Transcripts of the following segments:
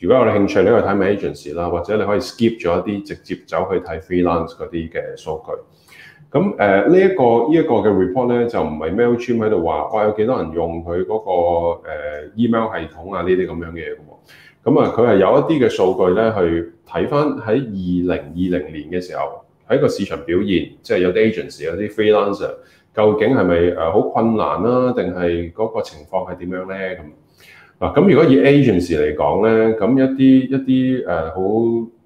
如果有興趣，你去睇睇 agents 啦，或者你可以 skip 咗一啲，直接走去睇 freelance 嗰啲嘅數據。咁誒、呃這個這個、呢一個呢一個嘅 report 咧，就唔係 mailchimp 喺度話，哇有幾多人用佢嗰、那個、呃、email 系統啊呢啲咁樣嘅嘢嘅咁啊，佢係有一啲嘅數據咧，去睇翻喺二零二零年嘅時候，喺個市場表現，即係有啲 agents 有啲 freelancer，究竟係咪誒好困難啦、啊，定係嗰個情況係點樣咧咁？嗱，咁如果以 agents 嚟講咧，咁一啲一啲誒好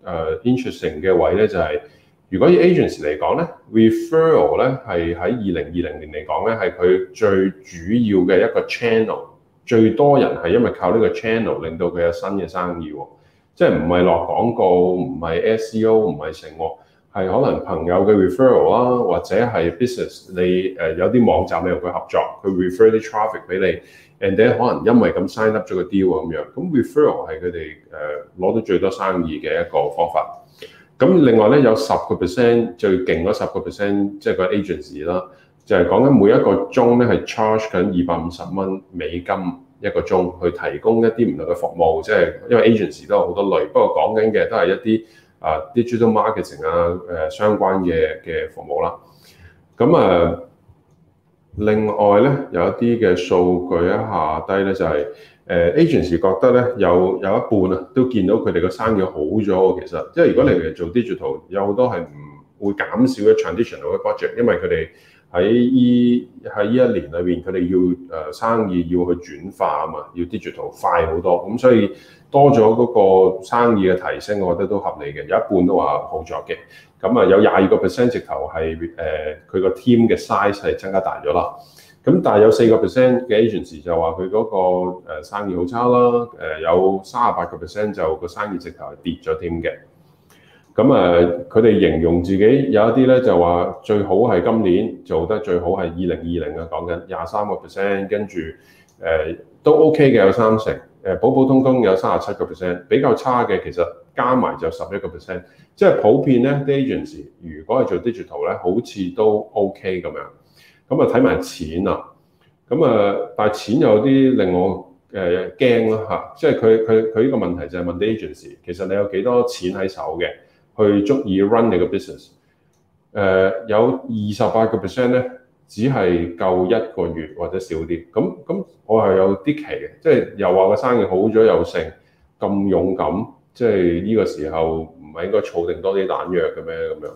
誒 interesting 嘅位咧，就是，就係如果以 agents 嚟講咧，referral 咧係喺二零二零年嚟講咧，係佢最主要嘅一個 channel，最多人係因為靠呢個 channel 令到佢有新嘅生意，哦、即係唔係落廣告，唔係 SEO，唔係成喎。係可能朋友嘅 referral 啊，或者係 business，你誒有啲網站你同佢合作，佢 refer 啲 traffic 俾你，and then 可能因為咁 sign up 咗個 deal 咁樣，咁 referral 係佢哋誒攞、呃、到最多生意嘅一個方法。咁另外咧有十個 percent 最勁嗰十個 percent，即係個 agency 啦，就係、是、講緊每一個鐘咧係 charge 緊二百五十蚊美金一個鐘去提供一啲唔同嘅服務，即、就、係、是、因為 agency 都有好多類，不過講緊嘅都係一啲。啊，digital marketing 啊，誒、呃、相關嘅嘅服務啦，咁啊、呃，另外咧有一啲嘅數據一下低咧就係、是、誒、呃、agency 覺得咧有有一半啊都見到佢哋個生意好咗，其實，即係如果你嚟做 digital，有好多係唔會減少嘅 traditional 嘅 project，因為佢哋。喺依喺依一年裏邊，佢哋要誒生意要去轉化啊嘛，要 digital 快好多，咁所以多咗嗰個生意嘅提升，我覺得都合理嘅，有一半都話好咗嘅，咁啊有廿二個 percent 直頭係誒佢個 team 嘅 size 係增加大咗啦，咁但係有四個 percent 嘅 agents 就話佢嗰個生意好差啦，誒有三十八個 percent 就是、個生意直頭係跌咗添嘅。咁誒，佢哋形容自己有一啲咧，就話最好係今年做得最好係二零二零啊，講緊廿三個 percent，跟住誒、呃、都 OK 嘅，有三成誒普普通通有三十七個 percent，比較差嘅其實加埋就十一個 percent，即係普遍咧，the agency 如果係做 digital 咧，好似都 OK 咁樣。咁啊睇埋錢啦，咁啊但錢有啲令我誒驚咯嚇，即係佢佢佢呢個問題就係問 the agency，其實你有幾多錢喺手嘅？去足以 run 你個 business，誒、uh, 有二十八個 percent 咧，只係夠一個月或者少啲。咁咁我係有啲奇嘅，即係又話個生意好咗又成咁勇敢，即係呢個時候唔係應該儲定多啲彈藥嘅咩？咁樣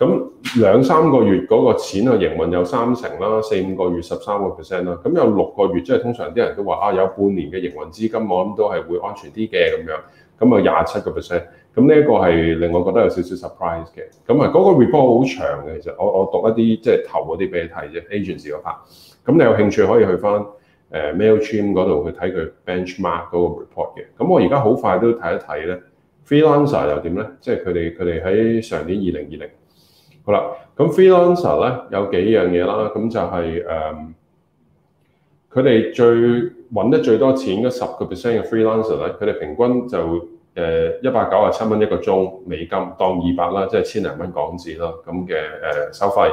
咁兩三個月嗰個錢啊，營運有三成啦，四五個月十三個 percent 啦，咁有六個月即係通常啲人都話啊，有半年嘅營運資金，我諗都係會安全啲嘅咁樣。咁啊，廿七個 percent，咁呢一個係令我覺得有少少 surprise 嘅。咁啊，嗰個 report 好長嘅，其實我我讀一啲即係頭嗰啲俾你睇啫，agency 嗰 part。咁你有興趣可以去翻誒 Mailchimp 嗰度去睇佢 benchmark 嗰個 report 嘅。咁我而家好快都睇一睇咧，freelancer 又點咧？即係佢哋佢哋喺上年二零二零，好啦。咁 freelancer 咧有幾樣嘢啦，咁就係、是、誒。Um, 佢哋最揾得最多錢嗰十個 percent 嘅 freelancer 咧，佢哋平均就誒一百九啊七蚊一個鐘美金，當二百啦，即係千零蚊港紙啦。咁嘅誒收費。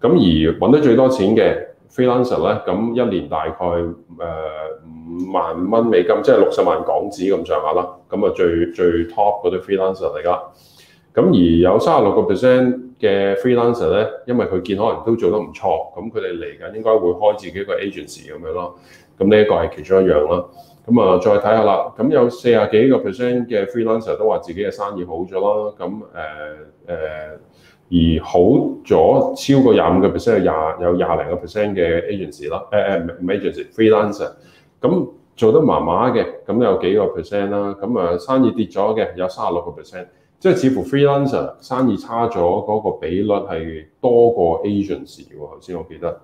咁而揾得最多錢嘅 freelancer 咧，咁一年大概誒五萬蚊美金，即係六十萬港紙咁上下啦。咁啊最最 top 嗰啲 freelancer 嚟㗎。咁而有三十六個 percent 嘅 freelancer 咧，因為佢見可能都做得唔錯，咁佢哋嚟緊應該會開自己一 ag 個 agency 咁樣咯。咁呢一個係其中一樣啦。咁啊，再睇下啦。咁有四十幾個 percent 嘅 freelancer 都話自己嘅生意好咗啦。咁誒誒，而好咗超過廿五個 percent，有廿有廿零個 percent 嘅 agency 啦。誒誒，唔係 agency、呃、ag freelancer，咁做得麻麻嘅，咁有幾個 percent 啦？咁啊，生意跌咗嘅有三十六個 percent。即係似乎 freelancer 生意差咗，嗰個比率係多過 agents 喎。頭先我記得，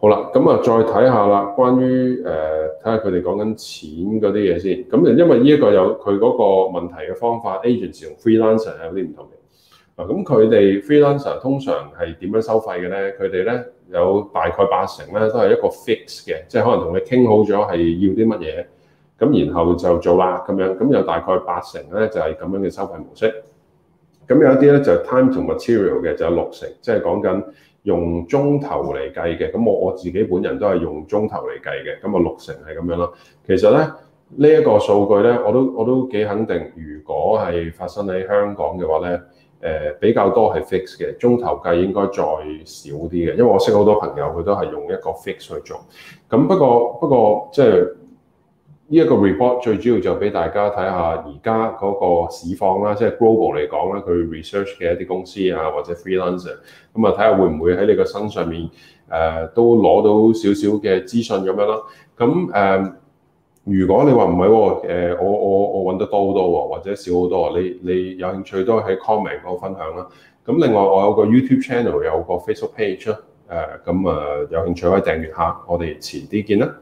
好啦，咁啊再睇下啦，關於誒睇下佢哋講緊錢嗰啲嘢先。咁就因為呢一個有佢嗰個問題嘅方法，agents Fre 同 freelancer 有啲唔同嘅。嗱，咁佢哋 freelancer 通常係點樣收費嘅咧？佢哋咧有大概八成咧都係一個 fix 嘅，即係可能同你傾好咗係要啲乜嘢。咁然後就做啦，咁樣咁有大概八成咧就係咁樣嘅收費模式。咁有一啲咧就 time 同 material 嘅，就六成，即係講緊用鐘頭嚟計嘅。咁我我自己本人都係用鐘頭嚟計嘅，咁我六成係咁樣咯。其實咧呢一個數據咧，我都我都幾肯定。如果係發生喺香港嘅話咧，誒比較多係 fix 嘅，鐘頭計應該再少啲嘅，因為我識好多朋友，佢都係用一個 fix 去做。咁不過不過即係。呢一個 report 最主要就俾大家睇下而家嗰個市況啦，即係 global 嚟講啦，佢 research 嘅一啲公司啊，或者 freelancer，咁啊睇下會唔會喺你個身上面誒、呃、都攞到少少嘅資訊咁樣啦。咁誒、呃，如果你話唔係喎，我我我揾得多好多、哦，或者少好多，你你有興趣都喺 comment 嗰度分享啦、啊。咁另外我有個 YouTube channel，有個 Facebook page，誒咁啊、呃呃、有興趣可以訂閱下，我哋遲啲見啦。